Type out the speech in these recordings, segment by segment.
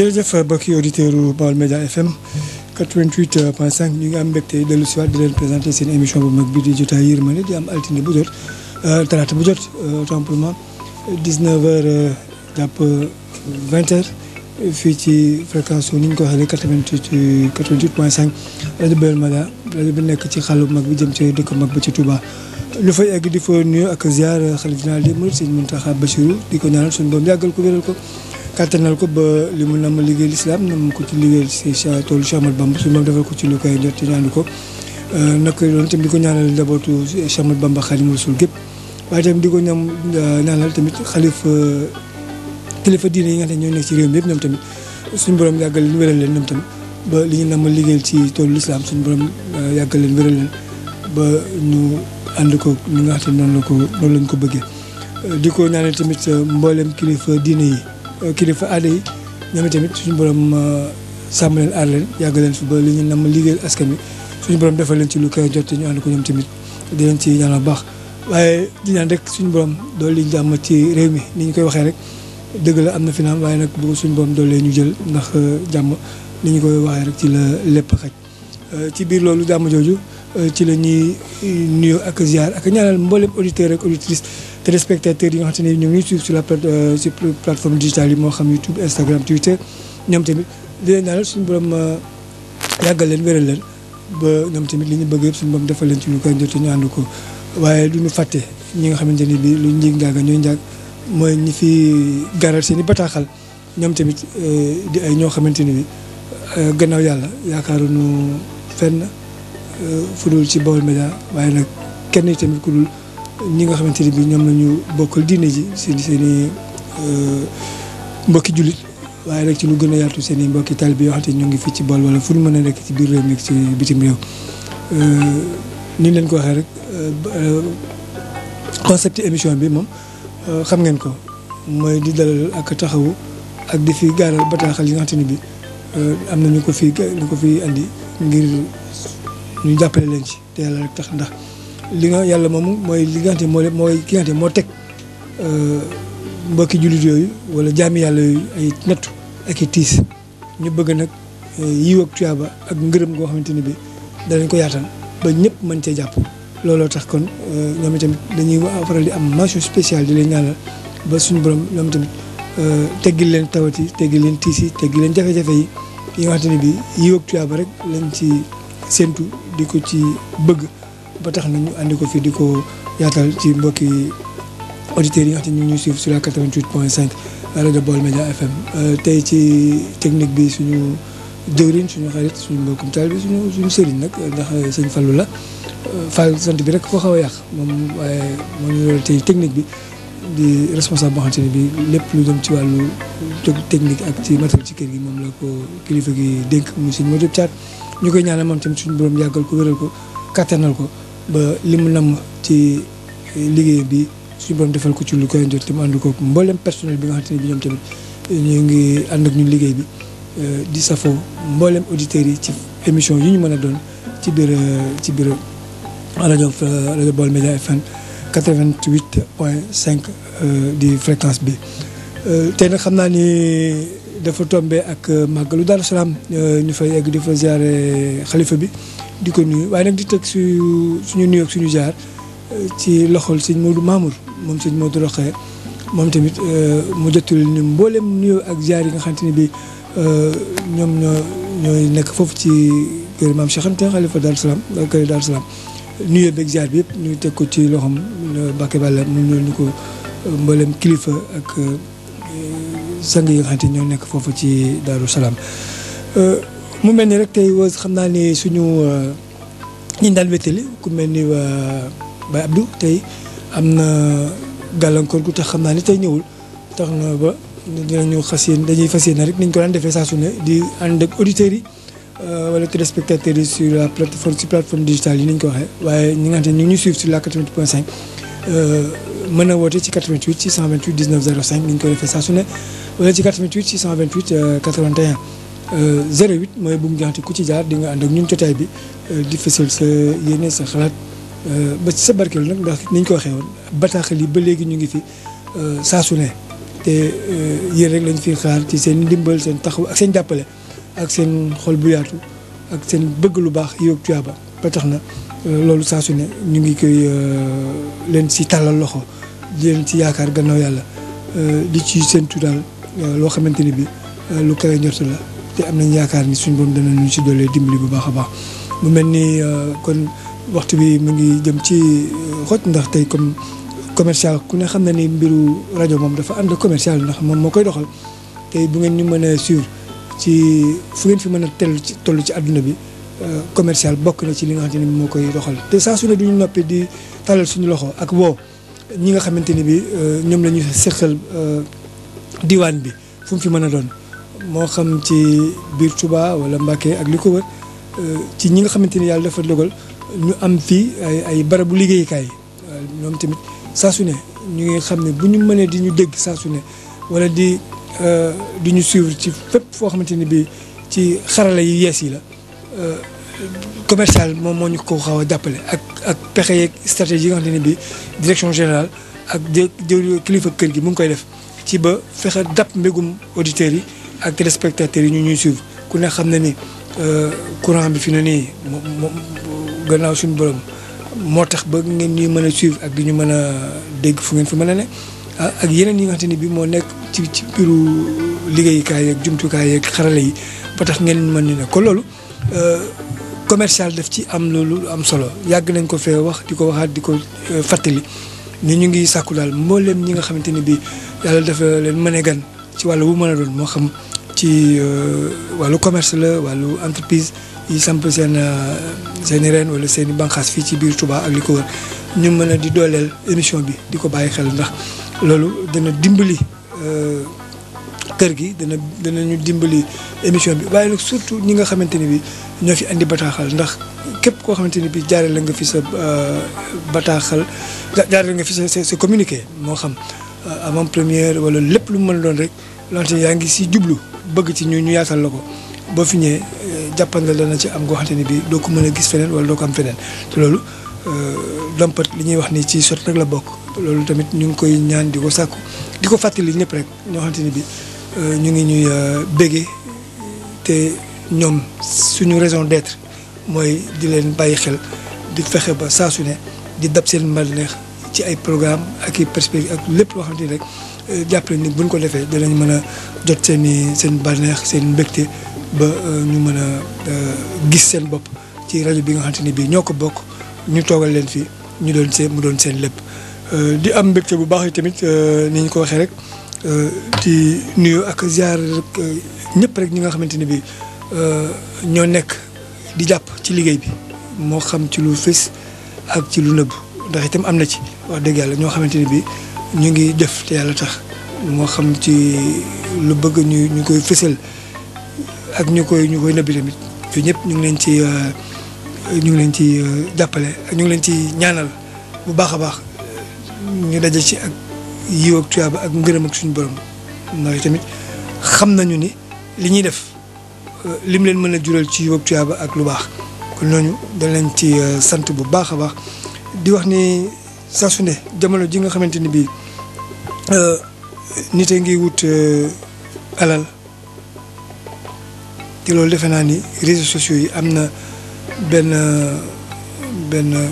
jërëjëf mbokki auditeurs yu Baol Média FM 88 point 5 ñu ngi am mbégte dellu si waat di leen présenté seen émission bu mag bi di jotaay yërmande di am altine bu jot euh, talaata bu jot euh, simplement 19 heures euh, jàpp 20 heures fii ci fréquence ni ñu ko waxee 88 88 point 5 rajo Baol Média rajo bi nekk ci xal xàllu mag bi jëm ci dëkk mag ba ci Touba. ñu fa egg di fa nuyu ak ziar xalifa général des mourides Serigne Mountakha Bassirou di ko ñaanal suñu doom yàggal ko wéral ko. kàttanal ko ba li mu nam liggéey lislaam nam ko ci liggéey si sa toolu Cheikh Ahmadou Bamba suñu moom defal ko ci lu koy jot te ñaanu ko euh, naka loolu ko ñaanal njabootu Cheikh Ahmadou Bamba Xaadimu ko ñam euh, ñaanal tamit xalif euh, kilifa diine yi nga xam réew mi yëpp tamit suñu borom yàggal leen wéral leen ñoom tamit ba ci toolu lislaam suñu borom yàggal leen wéral ba ànd ko ñu nga xam ne noonu la ko noonu lañ ko bëggee di ko ñaanal tamit mboolem kilifa diine yi kilifa aada yi ñoom tamit suñu borom euh, sàmm leen aar leen yàgg leen fi ba li ñu nam liggéeyal askan wi suñu borom defal leen ci lu koy jot ñu ànd ko ñoom tamit di leen ci ñaanal baax waaye di rek suñu boroom borom dolli jàmm ci réew mi ni ñu koy waxee rek dëgg la am na fi waaye nag bu suñu borom dollee ñu jël ndax euh, jàmm ni ñu koy waxee rek ci la lépp xaj euh, ci biir loolu jàmm jooju ci la ñuy nuyoo ak ziar ak ñaanal mboolem auditeur ak auditrice téléspectateurs yi nga xamante ni ñoo ngi suivre la euh, sur plateforme digitale yi moo xam YouTube Instagram Twitter ñoom tamit di leen daal suñu borom euh, yàggal leen wéral leen ba ñoom tamit li ñu bëgg yëpp suñu borom defal leen ci lu koy jot ñu ànd ko waaye du ñu fàtte ñi nga xamante ne bii lu njëg njaaga ñooy njaag mooy ñi fi garal seen i bataaxal ñoom tamit euh, di ay ñoo xamante ne bi gannaaw yàlla yaakaaruñu fenn fudul ci Baol Média waaye nag kenn tamit ku dul ñi nga xamante ne bii ñoom nañu bokkal diine ji seen seen i euh, mbokki jullit waaye nag ci lu gën a yaatu seen i mbokki taalibe bi xam ñu ngi fii ci bool wala fu ñu mën a nekk ci biir réew mi ci bitim réew. Euh, ni ko waxee rek euh, concept émission bi moom xam ngeen ko mooy di dalal ak taxawu ak di fi gaaral bataaxal yi nga xam ne bii am na ñu ko fi ñu ko fi andi ngir ñu jàppale leen ci te yàlla rek tax ndax. li nga yàlla moom mooy li nga xamante moo mooy ki moo teg euh, mbokki jullit yooyu wala jaami yàlla yooyu ay nattu ak i tiis ñu bëgg nag euh, yiw ak tuyaaba ak ngërëm goo xamante ni bi danañ ko yaatal ñëpp mën cee jàpp. looloo tax kon euh, ñoom itamit dañuy faral di am mention spéciale di leen ñaanal ba suñu borom ñoom itamit teggil leen tawat yi teggil leen tiis yi teggil leen jafe-jafe yi yi nga xamante ni bi yiw ak tuyaaba rek lañ ci séentu di ko ci bëgg. ba tax ñu andi ko fii di ko yaatal ci mbokki auditeurs yi nga xam ñu ngi ñuy suivre sur la 88 point 5 rajo Baol euh, tey ci technique bi suñu jëwriñ suñu xarit suñu mbokkum taal bi suñu suñu nag ndax sëñ Fallou la euh, fal sant bi rek koo xaw a yàq moom waaye moo ñu tey technique bi di responsable boo xamante bi lépp lu jëm ci wàllu technique ak ci matériel ci kër gi moom la ko kilifa gi dénk mu sëñ moo jëp caat ñu koy ñaanal moom tamit suñu borom yàggal ko wéral ko kattanal ko ba li mu nam ci liggéey bi suñu borom defal ko ci lu koy jot te mu ànd ko mboolem personnel bi nga xamante bi ñoom tamit ñu ngi ànd ak ñu liggéey bi euh, di safoo mboolem auditeurs yi ci émission yi ñu mën a doon ci biir euh, ci biir rajo euh, rajo Baol Média FM 88 point di fréquence bi. tey nag xam naa ni dafa tombé ak màggalu Daaru Salaam ñu fa yegg di fa ziare xalifa bi. di ko nuyu waaye nag di teg suñu suñu ak suñu jaar euh, ci loxol sëñ Modou Mamour moom sëñ Modou Rokhaya moom tamit euh, mu jotul ñu mboolem nuyu ak jaar yi nga xamante ne bii euh, ñoom ñoo ñooy nekk foofu ci kër maam Cheikh Anta xalifa Daaru Salaam kër Daaru Salaam nuyu beeg jaar bi yëpp ñu teg ko ci loxom Mbacke Balla mu ñëw ñu ko mbooleem kilifa ak sang yi nga xamante ñoo nekk foofu ci Daaru Salaam. mu mel ni rek tey xam naa ni suñu euh, ñi daan wéttali ku mel ni euh, Baye Abdou tey am na gàllankoor gu tax xam naa ni tey ñëwul tax na ba dinañu xas yéen dañuy fas rek niñ ko daan defee saa su di ànd ak auditeurs yi euh, wala téléspectateurs yi sur la plateforme sur plateforme digitale yi niñ ko waxee waaye ñi nga xam ne ñu ngi suivre sur la 88 point 5 mën a woote ci 88 628 19 05 niñ ko defee saa su ne wala 08 euh, mooy bu mu ku ci jaar di nga ànd ak ñun jotaay bi euh, di fësal sa yéene sa xalaat euh, ba sa sa la nag ndax niñ ko waxee woon bataaxal yi ba léegi ñu ngi fi saa su ne te yéen rek lañ fi xaar ci seen ndimbal seen taxaw ak seen jàppale ak seen xol bu yaatu ak seen bëgg lu baax yow tuyaaba ba tax na loolu saa ne ñu ngi koy leen si tàllal loxo di leen si yaakaar gannaaw yàlla di ci seen tudaal loo xamante ni bi lu kawe njort la te am nañ yaakaar ni suñ borom dana ñu si doolee dimbali bu baax a baax mu mel ni euh, kon waxtu bi mu ngi jëm ci euh, xot ndax tey comme commercial ku ne xam ne ni mbiru rajo moom dafa ànd commercial ndax moom moo koy doxal tey bu ngeen ñu mën a ci fu ngeen fi mën a tell ci toll ci àdduna bi euh, commercial bokk na ci li nga xamante ne moo koy doxal te saa su ne duñu noppi di talal suñu loxo ak woo ñi nga xamante ni bi ñoom la ñu seqal diwaan bi fu mu fi mën a doon moo xam ci biir Touba wala Mbacké ak li ko wër euh, ci ñi nga xamante ni yàlla dafa dogal ñu am fii ay ay barabu liggéeyukaay euh, ñoom tamit saa su ne ñu ngi xam ne bu ñu mënee di ñu dégg saa su ne wala di euh, di ñu suivre ci fépp foo xamante ni bii ci xarala yi yees yi la commercial moom moo ñu ko xaw a jàppale ak ak pexe yeeg stratégie yi nga xamante ne bii direction général ak jë kilifa kër gi mu ngi koy def ci ba fexe dàpp mbégum auditeurs yi. ak téléspectateurs yi ñu ñuy suivre ku ne xam na ni euh, courant bi fi ne nii moom gannaaw suñu borom moo tax ba ngeen ñuy mën a suivre ak di ñu mën a dégg fu ngeen fi mën a ne ah, ak yeneen yi nga xam ne bi moo nekk ci ci biiru liggéeyukaay yeeg jumtukaay yeeg xarala yi ba tax ngeen mën ni ne ko loolu euh, commercial def ci am loolu am solo yàgg nañ ko fee wax di ko waxaat di ko euh, fàttali ni ñu ngi sàkku daal mbooleem ñi nga xamante ni bi yàlla dafa leen mën a gan ci wàll wu mën a doon moo xam ci euh, wàllu commerce la wàllu entreprise yi samp seen euh, seen i reen wala seen i banqaas fii ci biir tubaa ak li ko wër ñu mën a di dooleel émission bi di ko bàyyi xel ndax loolu dana dimbali euh, kër gi dana ñu dimbali émission bi waaye nag surtout ñi nga xamante ni bi ñoo fi andi bataaxal ndax képp koo xamante ni bi jaare la nga fi sa bataaxal jaare la nga fi sa sa communiqué moo xam avant première wala lépp lu mu mën doon rek lante yaa ngi si jublu bëgg ci ñu ñu yaatal la ko boo fi ñëwee eh, jàppandal dana ci am goo xamante ni bii doo ko mën a gis feneen wala doo ko am feneen te loolu dompat eh, li ñuy wax ni ci sot rek la bokk loolu tamit ñu ngi koy ñaan di ko sàkku di ko fàttali ñëpp rek ñoo xamante ni bii eh, ñu ngi ñuy béggee te ñoom suñu raison d'être mooy di leen bàyyi xel di fexe ba saa ne di dab seen mbal neex ci ay programme ak i perspective ak lépp loo xamante rek jàppale ni buñ ko defee dinañ mën a jot seen i seen bànneex seen mbégte ba euh, ñu mën a euh, gis seen bopp ci rajo bi nga xamante ni bii ñoo ko bokk ñu toogal leen fii ñu doon seen mu doon seen lépp. Euh, di am mbégte bu baax yi tamit ni ko waxee rek di nuyu ak ziar rek ñi nga xamante ni bii ñoo nekk di jàpp ci liggéey bi moo xam ci lu fës ak ci lu nëbb ndax itam am na ci wax dëgg yàlla ñoo xamante ni bii. ñu ngi def te yàlla tax moo xam ci lu bëgg ñu ñu koy fësal ak ñu koy ñu koy nëbbi tamit yooyu ñëpp ñu ngi leen ci euh, ñu ngi leen ci euh, jàppale ñu ngi leen ci ñaanal bu baax a baax ñu daje ci ak yiw ak tuyaaba ak ngërëm ak suñu borom ndax tamit xam nañu ni li ñuy def euh, lim leen mën a jural ci yiw ak tuyaaba ak lu baax kon ñooñu dañ leen ci sant bu baax a baax di wax ni saa su ne jamono ji nga xamante ni bii euh, nit a ngi wut euh, alal te loolu defe naa ni réseaux sociaux yi am na benn benn euh,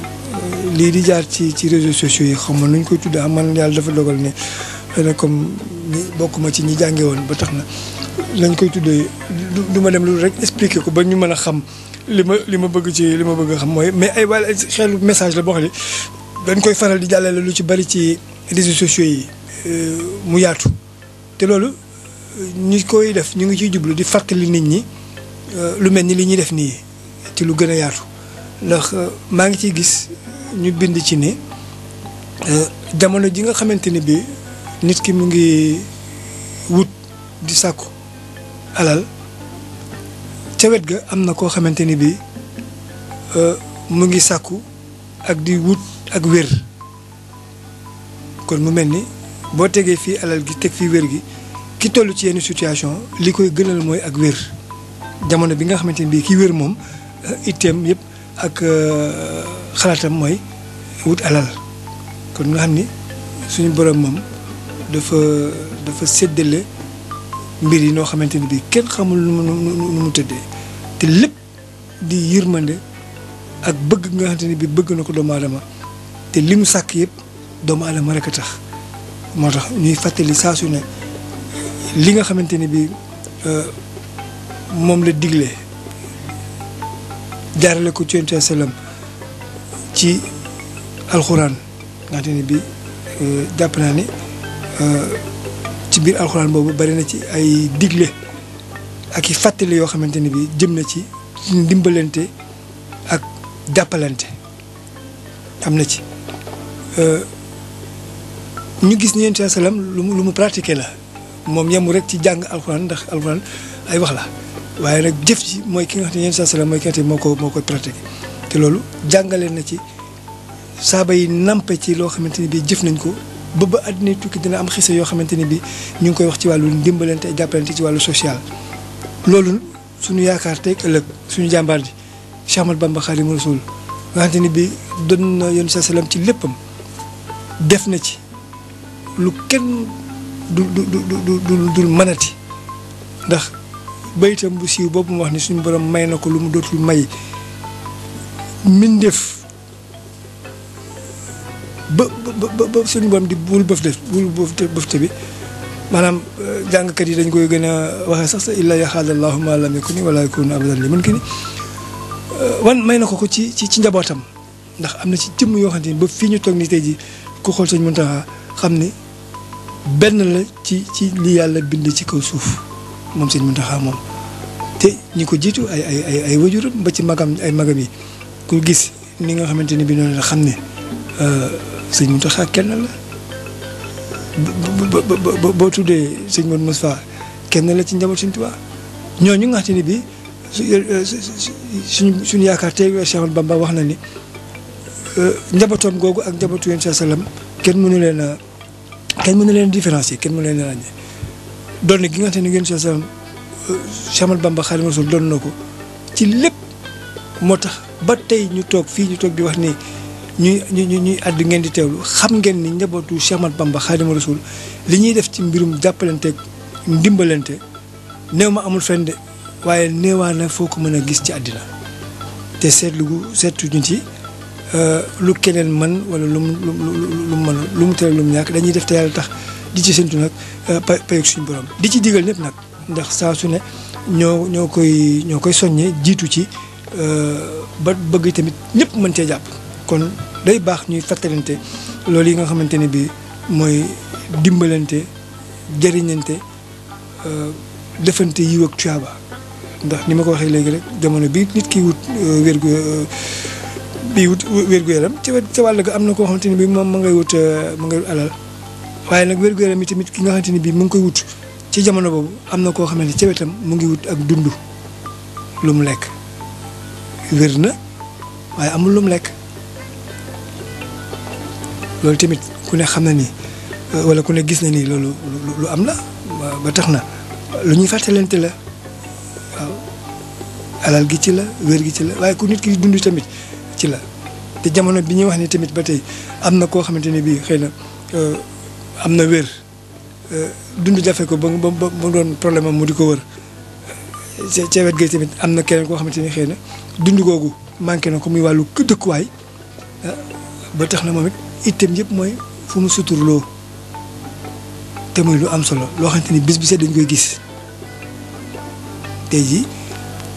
lii di jaar ci ci réseaux sociaux yi xam ma nuñ koy tuddee am man yàlla dafa dogal ne comme bokkuma ci ñi jànge woon ba tax na lañ koy tuddee du ma dem loolu rek expliquer ko ba ñu mën a xam li ma li ma bëgg ci li ma bëgg a xam mooy mais ay wàll xeelu message la boo xam ne dañ koy faral di jàllale lu ci bari ci réseaux sociaux yi euh, mu yaatu te loolu ñi koy def ñu ngi ciy jublu di fàttali nit ñi euh, lu mel ni li ñuy def nii ci lu gën a yaatu ndax euh, maa ngi ciy gis ñu bind ci ne jamono ji nga xamante ni bi nit ki mu ngi wut di sàkku alal ca wet ga am na koo xamante ni bi mu ngi sàkku ak di wut ak wér kon mu mel ni boo tegee fii alal gi teg fi wér gi ki toll ci yenn situation li koy gënal mooy ak wér jamono bi nga xamante ni bii ki wér moom eh, itteem yëpp ak eh, xalaatam mooy wut alal kon nga xam ni suñu borom moom dafa dafa séddale mbir yi noo xamante ni bii kenn xamul nu mu nu mu tëddee te lépp di yërmande ak bëgg nga xamante ni bi bëgg na ko doomu aadama te li mu sàkk yëpp doomu aadama rek a tax moo tax ñuy fàttali saa su ne li nga xamante ne bi euh, moom la digle jaarale ko ci yonent ci alxuraan nga xamante bi euh, jàpp naa ne euh, ci biir alxuraan boobu bari na ci ay digle ak i fàttali yoo xamante ne bi jëm na ci ndimbalante ak jàppalante am na ci Euh, ñu gis ni yonent salaam lu mu lu mu pratiqué la moom yemu rek ci jàng alxuraan ndax alxuraan ay wax la waaye nag jëf ji mooy ki nga xam ne yonent salaam mooy moo ko moo koy pratiqué te loolu jàngale na ci saaba yi nampe ci loo xamante ni bii jëf nañ ko ba ba àddina tukki dina am xise yoo xamante ni bii ñu ngi koy wax ci wàllu ndimbalante ak jàppalante ci wàllu social. loolu suñu yaakaar tey ëllëg suñu jàmbaar ji Cheikh Ahmadou Bamba Khadimu Rasul nga xamante ni bii doon na yonent salaam ci léppam. def na ci lu kenn du du du dul mënati ndax baytam bu siiw boobu mu wax ni suñu borom may na ko lu mu dootul may mbindéef ba ba ba suñu borom di bul bëf def bul bëfte bi maanaam euh, jàngkat yi dañ koy gën a waxee sax sa illa yaxaal allahu ma lam yakuni wala yakunu abadan li mun ki ni wan may na ko ko ci ci ci njabootam ndax am na ci jëmm yoo xam ne ba fii ñu toog ni tey ji ku xool sëñ Muntaxa xam ni benn la ci ci li yàlla bind ci kaw suuf moom sëñ Muntaxa moom te ñi ko jiitu ay ay ay ay wajuram ba ci magam ay magam yi ku gis ni nga xamante ni bi noonu la xam ne euh, sëñ Muntaxa kenn la boo tuddee sëñ Modou Moustapha kenn la ci njaboot sëñ ñoo ñu nga xamante ni bi suñu suñu yaakaar tey Cheikh Bamba wax na ni Euh, njabootam googu ak njabootu yéen saa salaam kenn mënu leen a kenn mënu leen différencier kenn mënu leen a ràññee doon gi nga xam ne yéen saa salaam Cheikh doon na ko ci lépp moo tax ba tey ñu toog fii ñu toog di wax ni ñuy ñuy ñuy àdd ngeen di teewlu xam ngeen ni njabootu Cheikh Ahmadou Bamba Khadimu li ñuy def ci mbirum jàppalanteeg ndimbalante néew ma amul fenn waaye néewaa na foo ko mën a gis ci àddina te seetlu gu seetu ñu ci. Euh, lu keneen man wala lu mu lu mu lu mu mënul lu ñàkk dañuy def yàlla tax di ci séntu nag euh, pay payug suñu borom di ci digal ñëpp nag ndax saa su ne ñoo ñoo koy ñoo koy soññee jiitu ci euh, ba bëgg tamit ñëpp mën cee jàpp kon day baax ñuy fàttalante loolu yi nga xamante ni bii mooy dimbalante jëriñante defante yiw ak tuyaaba ndax ni ma ko waxee léegi rek jamono bi nit ki wut wér bii wut wér-gu-yaram ci ca wàll ga am na koo xamante ni bii moom mu ngay wut euh, ma ngay wut alal waaye nag wér-gu-yaram yi tamit ki nga xamante bii mu ngi koy ci jamono boobu am na koo xam ne ca wetam mu ngi wut ak dund lu lekk wér na waaye amul lu lekk loolu tamit ku ne xam na ni euh, wala ku ne gis na nii loolu lu am la ba tax na lu ñuy fàttalante la waaw alal gi ci la wér gi ci la waaye ku nit ki dund tamit ci la te jamono bi ñuy wax ni tamit ba tey am na koo xamante ne bii xëy na euh, am na wér euh, dund jafe ko ba ba doon problème am mu di ko wër euh, ca wet gi tamit am na keneen koo xamante ni xëy na dund googu manqué na ko muy wàllu dëkkuwaay ba tax na moom it itam yëpp mooy fu mu suturloo te muy lu am solo loo xamante ni bis bu set dañ koy gis tey jii.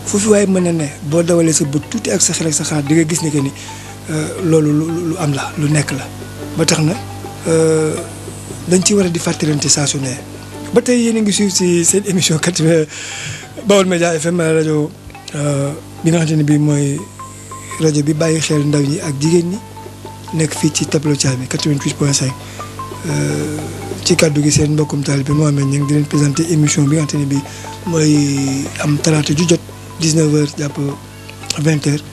foofu waaye mën na ne boo dawalee sa bët tuuti ak sa xel ak sa xalaat di nga gis ne que ni euh, loolu lu lu am la lu nekk la ba tax na euh, dañ ci war a di fàttalante saa su ne ba tey yéen a ngi suivre si seen émission kat euh, Baol Média FM rajo bi nga xamante ne bii mooy rajo bi bàyyi xel ndaw ñi ak jigéen ñi nekk fii ci Tableau Thiamé 88 point 5 ci kàddu gi seen mbokkum taal bi moo amee ñu ngi di leen présenté émission bi nga xamante bii mooy am talaata ju jot. 19 heures jàpp 20 heures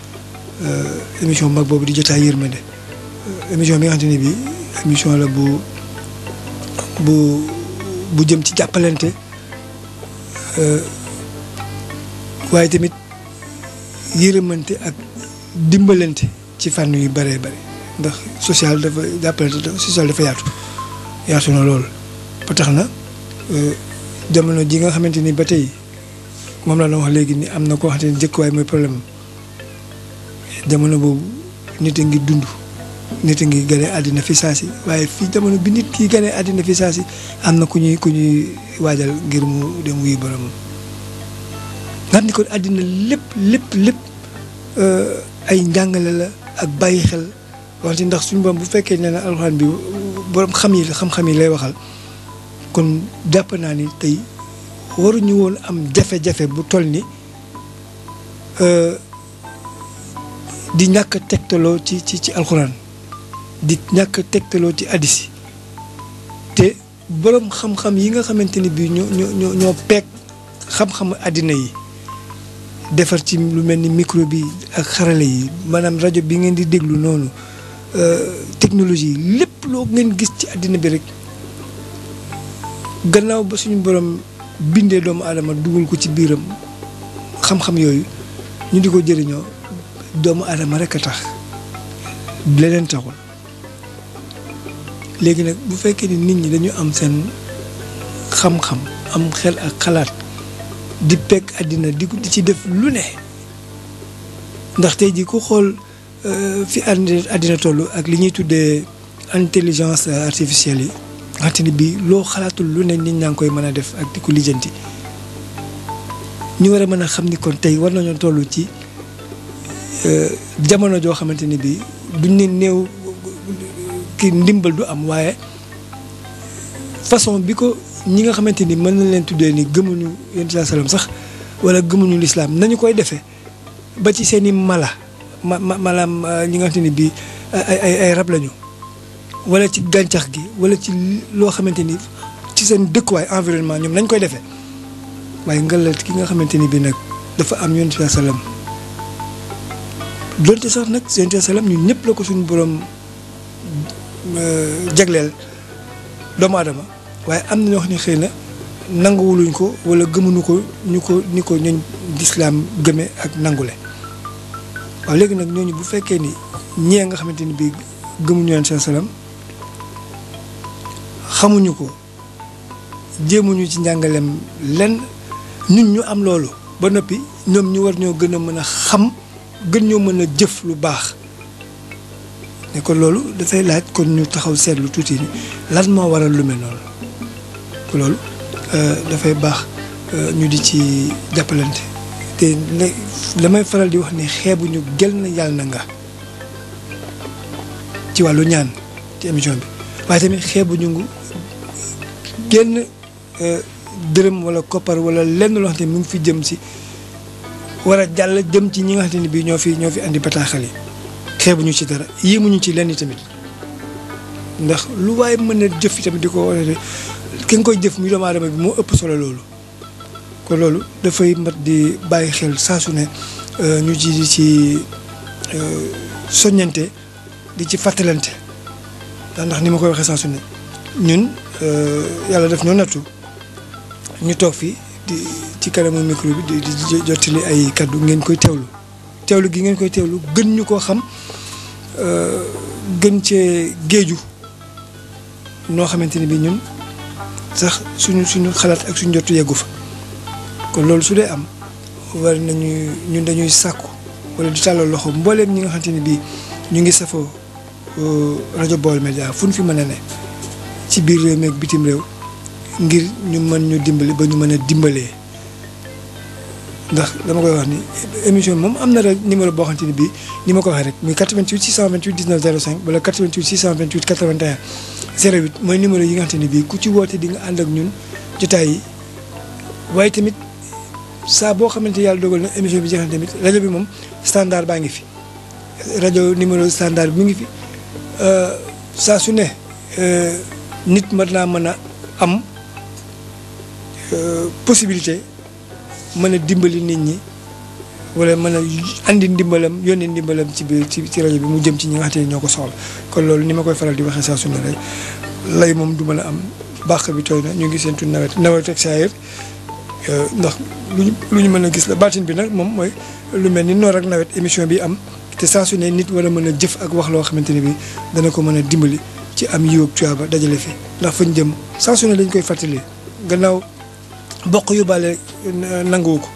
euh, émission mag boobu di jotaay yërmande euh, émission bi nga xam ne bii émission la bu bu bu jëm ci jàppalante euh, waaye tamit yërëmante ak dimbalante ci fànn yu bëree bëri ndax social dafa jàppalante social dafa yaatu yaatu na loolu ba tax na jamono ji nga xamante ni ba tey moom laa doon wax léegi ni am na ko xam ne jëkkuwaay mooy problème jamono boobu nit a ngi dund nit a ngi gane àddina fi saa si waaye fii jamono bi nit kii ganee àddina fi saa si am na ku ñuy ku ñuy waajal ngir mu dem wuyu borom nga xam ni kon àddina lépp lépp lépp euh, ay njàngale la ak bàyyi xel wante ndax suñu borom bu fekkee ne na bi borom xam yi xam-xam yi lay waxal kon jàpp naa ni tey waruñu woon am jafe-jafe bu toll ni euh, di ñàkk tegtaloo ci ci ci alxuraan di ñàkk tegtaloo ci hadis te boroom xam-xam yi nga xamante ni bii ñoo ñoo ñoo peeg xam-xamu àddina yi defar ci lu mel ni micro bi ak xarale yi maanaam rajo bi ngeen di déglu noonu euh, technologie yi lépp loo ngeen gis ci àddina bi rek gannaaw ba suñu boroom. bindee doomu aadama dugal ko ci biiram xam-xam yooyu ñu di ko jëriñoo doomu adama rek a tax leneen taxul léegi nag bu fekkee ni nit ñi dañu am seen xam-xam am xel ak xalaat di pekk àddina di ci def lu ne ndax tey ji ku xool euh, fi àddina toll ak li ñuy tuddee intelligence artificielle yi altine bi loo xalaatul lu ne nit ñaa ngi koy mën a def ak di ko ñu war a mën a xam ni kon tey war nañoo toll ci euh, jamono joo xamante ni bii duñ ne néew ki ndimbal du am waaye façon bi ko ñi nga xamante ni mën nañ leen tuddee ni gëmuñu yonent saa sax wala gëmuñu lislaam nañu koy defee ba ci seen i mala ma ma euh, ñi nga xamante ni bii ay ay ay rab lañu. wala ci gàncax gi wala ci loo xamante ni ci seen dëkkuwaay environnement ñoom lañ koy defe waaye ngalal ki nga xamante ni bi nag dafa am yonent bi salaam donte sax nag yonent bi ñëpp la ko suñu borom euh, jagleel doomu aadama waaye am na ñoo xam xëy na nanguwuluñ ko wala gëmuñu ko ñu ko ni ko ñooñ lislaam gëme ak nangule waaw léegi nag ñooñu bu fekkee ni ñee nga xamante ni bii gëmuñu yonent bi salaam xamuñu ko jéemuñu ci njàngaleem lenn ñun ñu am loolu ba noppi ñoom ñu war ñoo gën a mën a xam gën ñoo mën a jëf lu baax ne kon loolu dafay laaj kon ñu taxaw seetlu tuuti ni lan moo waral lu mel noonu loolu euh, dafay baax euh, ñu di ci jàppalante te damay faral di wax ni xeebuñu gël na yàlla na nga ci wàllu ñaan ci émission bi waaye tamit xeebuñu génn euh, dërëm wala koppar wala lenn loo xam ni mu ngi fi jëm si war a jàll jëm ci ñi nga xam ne bii ñoo fi ñoo fi andi bataaxal yi ñu ci dara yéemuñu ci lenn tamit ndax lu waaye mën na jëf tamit di ko wane ki nga koy jëf muy doomu aadama bi moo ëpp solo loolu. ko loolu dafay mat di bàyyi xel saasu ne euh, ñu ji di ci euh, soññante di ci fàttalante ndax ni ma koy waxee saa su ne ñun. Euh, yàlla def ñoo nattu ñu toog fii di ci kanamu micro bi di di jottali ay kaddu ngeen koy teewlu teewlu gi ngeen koy teewlu gën ñu koo xam euh, gën cee géeju noo xamante ni bi ñun sax suñu suñu xalaat ak suñu jotu yeggu fa kon loolu su dee am war nañu ñun dañuy sàkku wala di tàllal loxo mbooleem ñi nga xamante ni bii ñu ngi safoo euh, rajo Baol Média fu ñu fi mën a ne ci biir réew mi ak bitim réew ngir ñu mën ñu dimbali ba ñu mën a dimbalee ndax dama koy wax ni émission moom am na rek numéro boo xamante ni bii ni ma ko waxee rek muy 88 628 19 05 wala 88 628 mooy numéro yi nga xamante ni bii ku ci woote di nga ànd ak ñun waaye tamit saa boo xamante yàlla dogal na émission bi jeex na tamit rajo bi moom standard baa ngi fi rajo numéro standard bi mu ngi fi euh, saa su ne. Euh, nit mën naa mën a am euh, possibilité mën a dimbali nit ñi wala mën a indi ndimbalam yónni ndimbalam ci biir ci ci rajo bi mu jëm ci ñi nga xam ñoo ko soxla kon loolu ni ma koy faral di waxee saa su ne rek lay moom du mën a am bàq bi tooy na ñu ngi seentu nawet nawet ak saa euh, ndax luñu lu ñu mën a gis la baatin bi nag moom mooy lu mel ni noor ak nawet émission bi am te saa ne nit war a mën a jëf ak wax loo xamante ne bi dana ko mën a dimbali ci am yiwub tuyaaba dajale fi ndax fañ jëm saa su ne lañ koy fàttali gannaaw bokk yóbbaale eh, nanguwu ko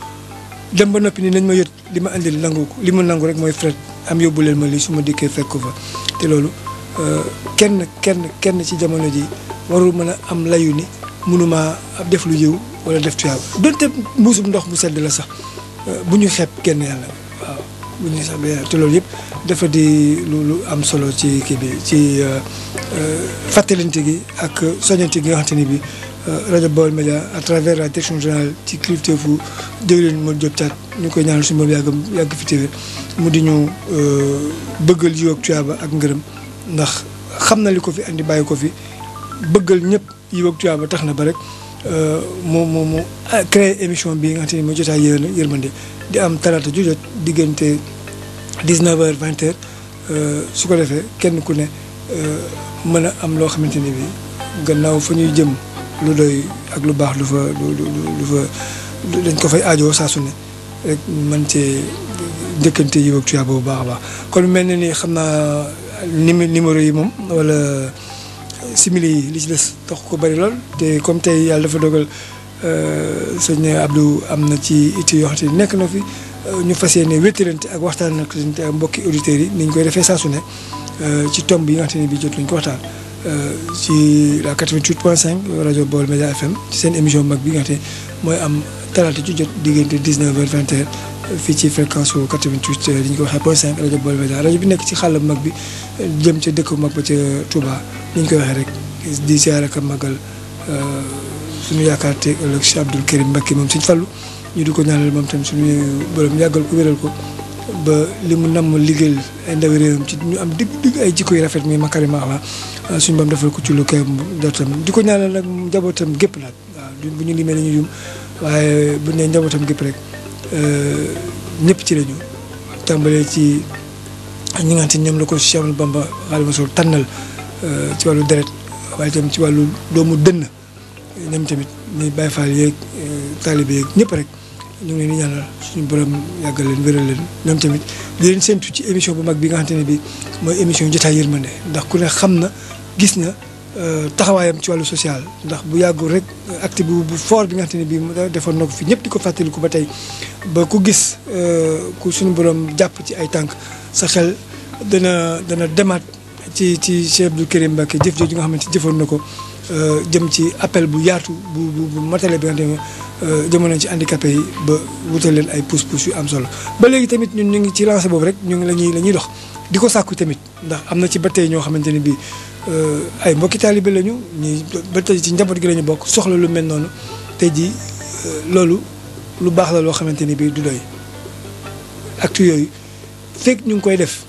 dem ba noppi nii nañ ma yët li ma andil nanguwu ko li ma nangu rek mooy fret am yóbbu leen ma lii su ma dikkee fekk fa te loolu eh, kenn kenn kenn ci jamono ji warul mën a am layu ni mënuma def lu yiw wala def tuyaaba donte mbuusum ndox mu sedd la sax eh, bu ñu xeeb kenn yàlla bu ñuy sax bien te loolu yëpp defa di lu lu am solo ci kii bi ci euh, euh, fàttalante gi ak soñante gi nga xamante ni bi euh, rajo Baol Média à travers la direction générale ci kilifteefu déglu leen Modou ñu koy ñaanal suñu moom yàgg fi téwér mu di ñu bëggal yiw ak tuyaaba ak ngërëm ndax xam na li ko fi andi bàyyi ko fi bëggal ñëpp yiw ak tuyaaba tax na ba rek moom moom mu ah, créé émission bi nga xamante ni mooy jotaay yéen yërmande di am talaata ju diggante 19 vingt 20 heures euh, su ko defee kenn ku ne euh, mën a am loo xamante ni bi gannaaw fa ñuy jëm lu doy ak lu baax lu fa lu lu fa dañ ko fay aajoo saa su ne rek mën cee njëkkante yi ak tuyaaba bu baax baax kon mel na ni xam naa numéro yi moom wala simili yi li ci des tax ko bari lool te comme tey yàlla dafa dogal euh, sëñ Abdou am na ci itti yoo xam nekk na fi ñu fas yéene wéttalante ak waxtaan ak mbokki auditeurs yi ni ñu koy defee saasu su ne euh, ci tomb yi nga xam ne bii jot nañu ko waxtaan. Euh, ci la 88.5 rajo Baol Média FM ci seen émission mag bi nga xam ne mooy am talaata ci jot diggante 19h euh, 20h fii ci fréquence su 88 li ñu ko waxee point 5 rajo Baol Média rajo bi nekk ci xàll mag bi jëm ca dëkk mag ba ca Touba ni koy waxee rek di ziar ak a magal suñu yaakaar te ëllëg si Abdoul Karim Mbacké moom suñu fallu. ñu di ko ñaanal moom tam suñu borom yàggal ko wéral ko ba li mu namm liggéeyal ay ndawi réewam ci ñu am digg digg ay jikko yu rafet muy makarima ala ah, suñu borom defal ko ci lu kay jotam di ko ñaanal nag njabootam gépp nag waaw bu ñu limee nañu yum waaye bu njabootam gépp rek eh, ñëpp ci lañu tàmbalee ci ñi ñoom la ko Cheikh Bamba Xaadimu Rasuul eh, ci wàllu deret waaye tam ci wàllu doomu dënn ñoom tamit ñuy Baay Faal yeeg eh, taalibe yeeg rek ñu ngi leen di ñaanal suñu borom yàggal leen wéral leen tamit di séntu ci émission bu mag bi nga xamante ne bi mooy émission jotaay yërmande ndax ku ne xam na gis na euh, taxawaayam ci wàllu social ndax bu yàggul rek acte bu foor bi nga xamante ne bii defoon na ko fii ñëpp di ko fàttaliku ba tey ba ku gis euh, ku suñu borom jàpp ci ay tànk sa xel dana dana demaat ci ci Cheikh Abdou Karim Mbacké jëf jooju nga xamante jëfoon na ko euh, jëm ci appel bu yaatu bu bu matale bi nga xamante ne Euh, jamono ci handicapé yi ba wutal leen ay pousse-pousse yu am solo ba léegi tamit ñun ñu ngi ci lancé boobu rek ñu ngi la ñuy la ñuy dox di ko sàkku tamit ndax am na ci ba tey ñoo xamante ne bii euh, ay mbokki taalibe lañu ñuy ba tey ci njaboot gi lañu bokk soxla lu mel noonu tey jii euh, loolu lu baax la loo xamante ni bii du doy actu yooyu fekk ñu ngi koy def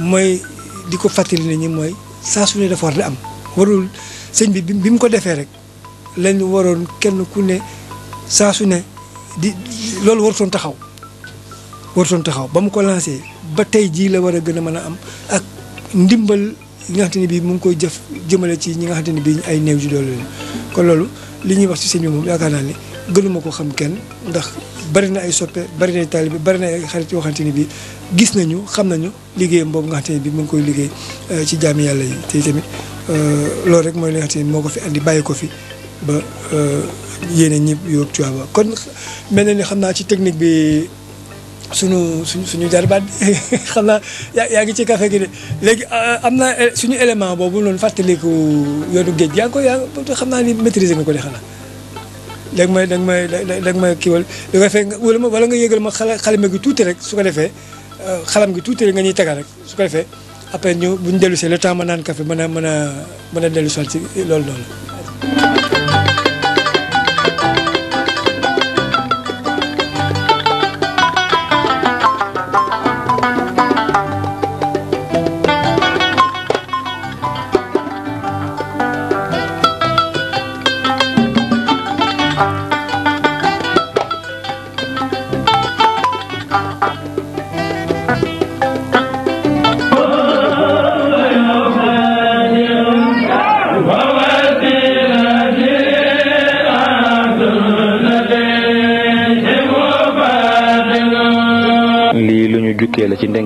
mooy di ko fàttali nit ñi mooy saa su ne dafa war di am warul sëñ bi bi mu ko defee rek lañ waroon kenn ku ne. saa su ne di loolu warutoon taxaw warutoon taxaw ba mu ko lancé ba tey jii la war a gën a mën a am ak ndimbal li nga xamante ne bii mu ngi koy jëf jëmale ci ñi nga xamante ne bii ay néew ji doole lañu kon loolu li ñuy wax ci sëñ bi moom yaakaar naa ni gënuma ko xam kenn ndax bari na ay soppe bari na ay taalibe bari na ay xarit waxante xamante ne bii gis nañu xam nañu liggéeyam boobu nga xamante ne mu ngi koy liggéey euh, ci jaami yàlla yi te tamit euh, loolu rek mooy li nga moo ko fi andi bàyyi ko fi ba euh, yéene ñëpp yóbbu Tivaouane kon mel na ni xam naa ci technique bi suñu suñu suñu jarbaat bi xam naa yaa ngi ci kafe gi de léegi euh, am naa euh, suñu élément boobu noonu fàttaliku yoonu géej yaa ngi ko yaa ngi xam naa ni maîtriser nga ko de xanaa. léegi may da nga may da nga may kiiwal da nga fay wala wala nga yëgal ma xala xalame gi tuuti rek su ko defee xalam gi tuuti rek nga ñuy tegal rek su ko defee après ñu bu ñu dellu see le temps ma naan kafe mën a mën a mën a dellu si loolu noonu.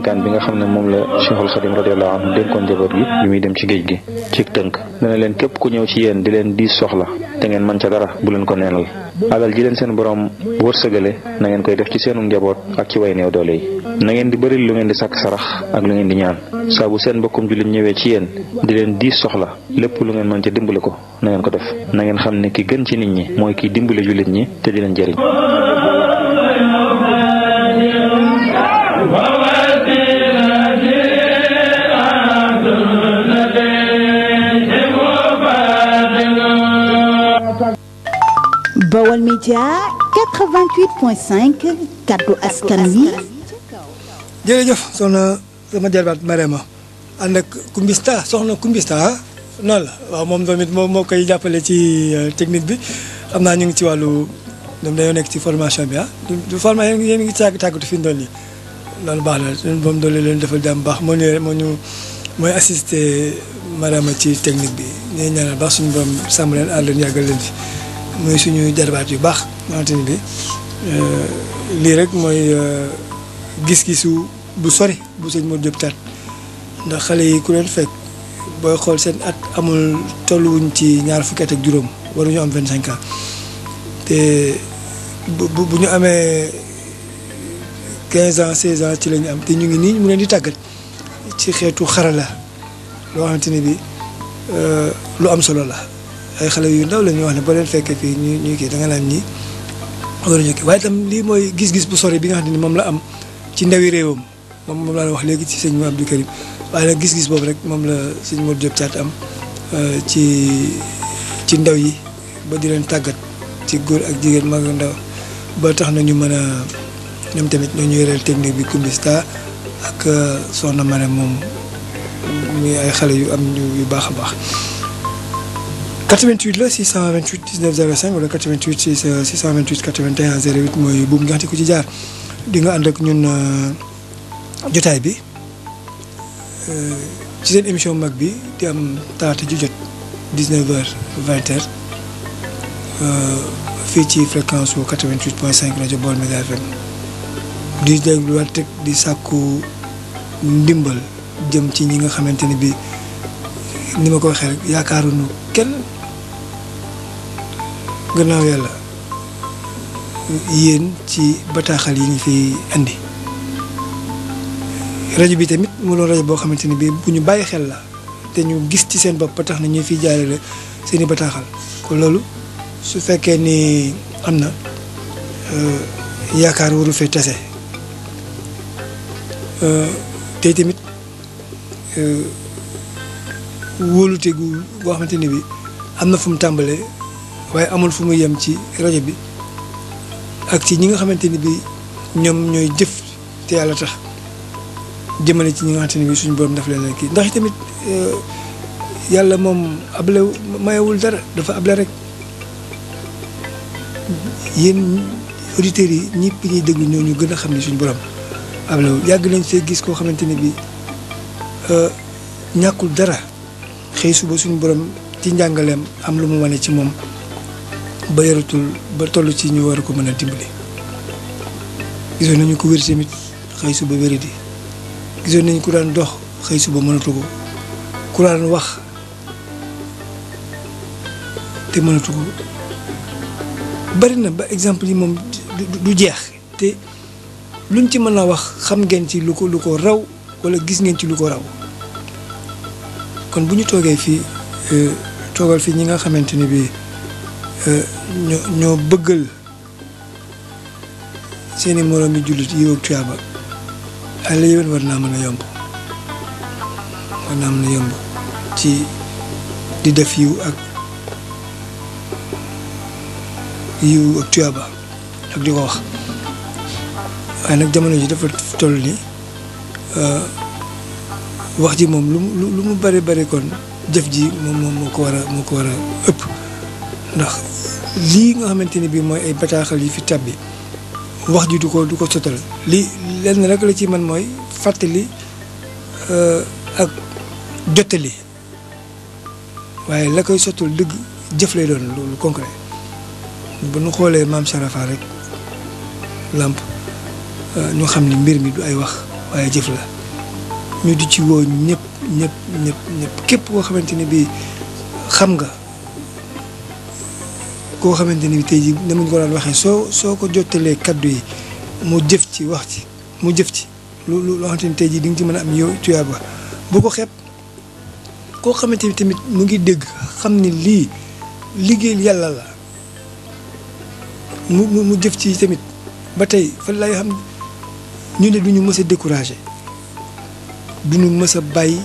dénkaan bi nga xam ne moom la Cheikhul Khadim radiyallahu anhu dénkoon njaboot gi bi muy dem ci géej gi ci tënk dana leen képp ku ñëw ci yéen di leen diis soxla te ngeen mën ca dara bu leen ko neenal alal ji leen seen borom wërsëgale na ngeen koy def ci seenu njaboot ak ci way néew doole na ngeen di bëri lu ngeen di sàkk sarax ak lu ngeen di ñaan saa bu seen mbokkum jullit ñëwee ci yéen di leen diis soxla lépp lu ngeen mën ca dimbali ko na ngeen ko def na ngeen xam ne ki gën ci nit ñi mooy kiy dimbali jullit ñi te di leen jëriñ Baol Médias 88.5 kaddu askan wi. jërëjëf soxna sama jarbaat Marema ànd ak Kumbista soxna Kumbista ah noonu la waaw moom tamit moom moo koy jàppale ci euh, technique bi xam naa ñu ngi ci wàllu ñoom dañoo nekk ci formation bi ah du du formation yéen a ngi tàgg tàggatu fi mu doon nii loolu baax na moom doole leen defal jàmm baax moo ñu moo ñu mooy assister Marema ci technique bi ñu ñaanal baax suñu borom sàmm leen ànd leen yàggal leen fi. mooy suñu jarbaat yu baax xamante ni bi euh, lii rek mooy euh, gis-gisu bu sori bu sëñ Modou Diop ndax xale yi ku leen fekk booy xool seen at amul tolluwuñ ci ñaar fukki at ak juróom waruñu am vingt cinq ans te bu bu ñu amee quinze ans seize ans ci la am te ñu ngi nii mu leen di tàggat ci xeetu xarala loo xamante ni bi euh, lu am solo la. ay xale yu ndaw la ñuy wax ne boo leen fekkee fii ñu kii danga nga naan ñii waruñu kii waaye itam lii mooy gis-gis bu sore bi nga xam ne moom la am ci ndawi réewam moom moom laa wax léegi ci sëñ mu Abdou Karim waaye nag boobu rek moom la sëñ Modou Diop Thiat am euh, ci ci ndaw yi ba di leen tàggat ci góor ak jigéen mag ak ndaw ba tax na ñu mën a ñoom tamit ñoo ñu technique bi Coumbista ak euh, soxna Marème moom muy ay xale yu am ñu yu baax a baax. 88 la 628 19 05 wala 88 628 81 mooy buum ñaxte ku ci jaar di nga ànd ak ñun euh, jotaay bi euh, ci seen émission mag bi di am talaata ju jot 19 euh, fii ci fréquence wu 88 point 5 rajo Baol Média teg di dégluwaat rek sàkku ndimbal jëm ci ñi nga xamante ne bi ni ma ko waxee rek yaakaaruñu kenn gannaaw yàlla yéen ci bataaxal yi ñu fi indi rajo bi tamit mu loolu rajo boo xamante ni bii bu ñu bàyyi xel la te ñu gis ci seen bopp ba tax na ñuy fiy jaarale seeni i bataaxal loolu su fekkee nii am na euh, yaakaar warul fee tase euh, te tamit euh, wóolute gu boo xamante ni bii am na fu mu tàmbalee. waaye amul fu mu yem ci rajo bi ak ci ñi nga xamante ni bi ñoom ñooy jëf te yàlla tax jëmane ci ñi nga xamante ni bi suñu borom daf leen kii ndax tamit euh, yàlla moom able mayewul dara dafa able rek yéen auditeurs yi ñëpp ñuy déglu ñoo ñu gën a xam ne suñu borom ablewul yàgg nañ see gis koo xamante ni bi euh, ñàkkul dara xëy suba suñu borom ci njàngaleem am lu mu wane ci moom ba yaratul ba tollu ci ñu war a ko mën a dimbali gisoon nañu ko wér tamit xëy suba wéradi gisoon nañu ku daan dox xëy suba mënatu ko ku daan wax te mënatu ko bari na ba exemple yi moom du jeex te luñ ci mën a wax xam ngeen ci lu ko lu ko raw walla gis ngeen ci lu ko raw kon bu ñu toogee fii euh, toogal fii ñi nga xamante ni bii euh, ñoo ñoo bëggal seeni moroom yi jullit yiw ak tuyaaba ay la yéwén war naa mën a yomb war naa mën a yomb ci di def yiw ak yiw ak tuyaaba ak di ko wax waaye nag jamono ji dafa toll ni euh, wax ji moom lu mu lu mu bari bari kon jëf ji moom moom moo ko war a moo ko war a ëpp ndax lii nga xamante ne bii mooy ay bataaxal yi fi bi wax ji du ko du ko sotal lii lenn rek la ci man mooy fàttali euh, ak jottali waaye la koy sottul dëgg jëf lay doon loolu concret bu nu xoolee maam Sarafa rek làmp euh, ñu xam ni mbir mi du ay wax waaye jëf la ñu di ci woo ñëpp ñëpp ñëpp ñëpp képp koo xamante ne bii xam nga. koo xamante ni tey ji jii dama ko daan waxee soo soo ko jottalee kàddu yi mu jëf ci wax ci mu jëf ci lu lu loo xamante ni tey jii di nga ci mën a am yow tuyaaba bu ko xeeb koo xamante ni tamit mu ngi dégg xam ni lii liggéey yàlla la mu mu jëf ci tamit ba tey fan lay xam ñu ne duñu mës a découragé duñu mës a bàyyi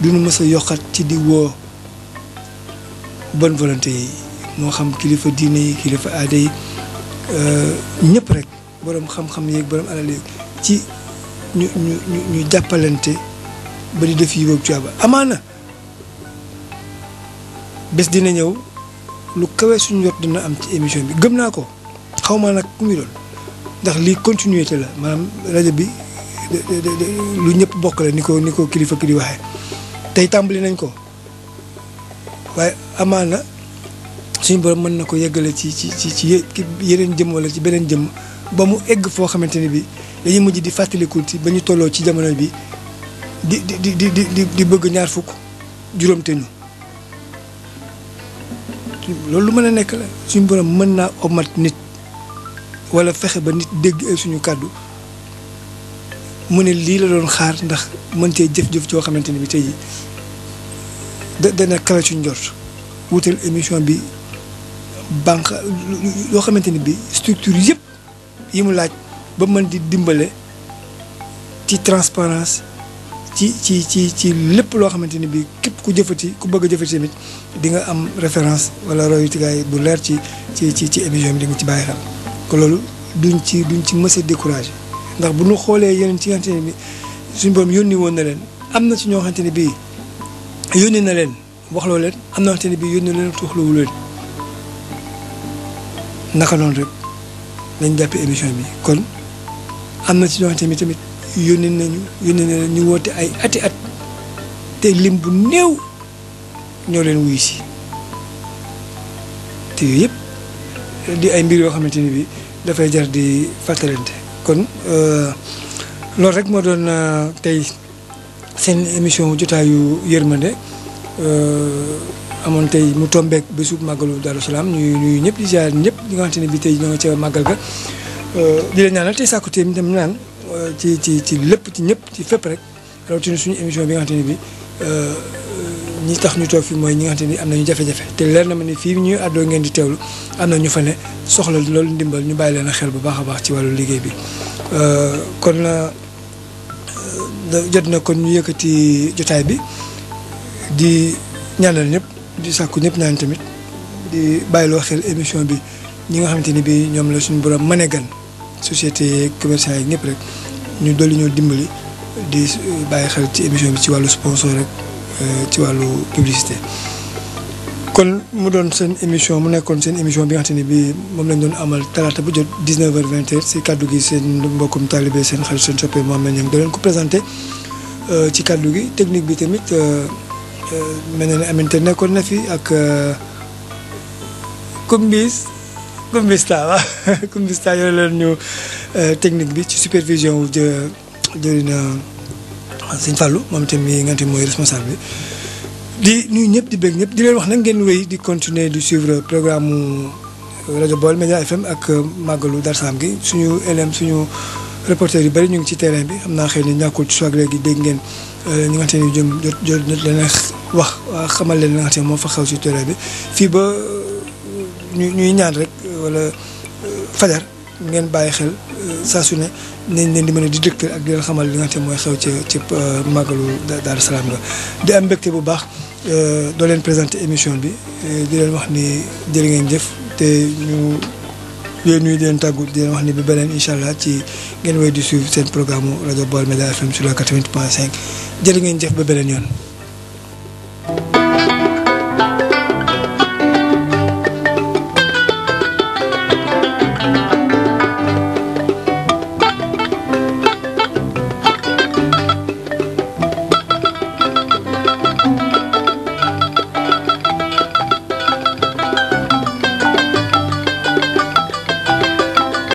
duñu mës a yokkat ci di woo bonne volonté yi. moo xam kilifa diine yi kilifa aada yi euh, ñëpp rek boroom xam-xam yeeg borom alal yeeg ci ñu ñu ñu jàppalante ba di def yiw ak tuyaaba amaana bés dina ñëw lu kawe suñu jot dina am ci émission bi gëm naa ko xaw ma nag ku muy doon ndax lii continuité la maanaam rajo bi lu ñëpp bokk la ni ko ni ko kilifa ki di waxee tey tàmbali nañ ko waaye amaana suñu borom mën na ko yeggale ci ci ci ci yeneen jëm wala ci beneen jëm ba mu egg foo xamante ni bi dañu mujj di fàttalikul ci ba ñu tolloo ci jamono bi di di di bëgg ñaar fukk juróom te ñu loolu lu mën a nekk la suñ borom mën naa omat nit wala fexe ba nit dégg suñu kàddu mu ne lii la doon xaar ndax mën cee jëf-jëf joo xamante ni bi tey da dana kala suñ njort wutal émission bi banque loo xamante ni bi structure yëpp yi mu laaj ba mën di dimbale ci transparence ci ci ci ci lépp loo xamante ni bi képp ku jëfati ku bëgg a jëfati tamit di nga am référence wala royutukaay bu leer ci ci ci ci émission bi dinga ci bàyyi xel ko loolu duñ ci duñ ci mës décourage ndax bu nu xoolee yeneen ci nga ne bi suñ borom yónni woon na leen am na ci ñoo xamante ne bii yónni na leen wax leen am na xamante ne bii yónni na leen waxloowu leen naka noonu rek lañ jàppee émission bi kon am na ci ñoo xam ne tamit yónnee nañu yónnee nañu ñu woote ay ati at te lim bu néew ñoo leen wuyu si te yooyu yëpp di ay mbir yoo xamante ni bi dafay jar di fàttalante kon euh, loolu rek moo doon euh, tey seen émission jotaayu yërmande euh, amoon tey mu tombeek bésu màggalu Daaru Salaam ñuy nuyu ñëpp di ziar ñëpp ñi nga xamante ne bi tey ñoo nga ca màggal ga euh, di leen ñaanal tey sàkku tey dem naan euh, ci ci ci lépp ci ñëpp ci fépp rek rawatina suñu émission bi nga xamante ne bi euh, ñi tax ñu toog fi mooy ñi nga xamante ni am nañu jafe-jafe te leer na ma ne fii ñuy àddoo ngeen di teewlu am na ñu fa ne soxla loolu ndimbal ñu bàyyi leen a xel bu baax a baax ci wàllu liggéey bi kon na jot na kon ñu yëkkati jotaay bi di ñaanal ñëpp di sàkku ñëpp naan tamit di loo xel émission bi ñi nga xam xamante ni bi ñoom la suñu borom mën a gan société commerçant yi ñëpp rek ñu dolli ñoo dimbali di bàyyi xel ci émission bi ci wàllu sponsor rek euh, ci wàllu publicité kon mu doon seen émission mu nekkoon seen émission bi nga xam ne bii moom lañ doon amal talaata bu jot 19 heures 20 heures si kaddu gi seen mbokkum taalibe seen xarit seen soppe Mouhamed Niang da leen ko présenté euh, ci kaddu gi technique bi tamit. Euh, mel na ne aminte nekkoon na fi ak euh, kumbis kumbista waaw kumbista yooyu leen ñu euh, technique bi ci supervision wu jë jërina euh, sëñ Fallou moom itam mi nga xam mooy responsable bi di nuyu ñëpp di bëgg ñëpp di leen wax nag ngeen wéy di continuer di suivre programme rajo Baol Média FM ak màggalu Darou Salam gi suñu élèves suñu reporter yi bari ñu ngi ci terrain bi xam naa xëy ni ñàkkul ci soog léegi dégg ngeen euh, ñi nga xam ne jëm jot jot leen wax euh, xamal leen li nga xam ne moo fa xew ci terrain bi fii ba euh, ñu ñuy ñaan rek wala fajar ngeen bàyyi xel saa su leen di mën di dëktal ak di leen mooy xew ci ci màggalu Daaru Salaam la di am mbégte bu baax doo leen présenter émission bi di leen wax ni jërë ngeen jëf te ñu. di leen nuyu di leen tàggu di leen wax ni bi beneen incha allah ci ngeen way di suivre seen programme rajo Baol Média FM sur la 88.5 ngeen jëf ba beneen yoon.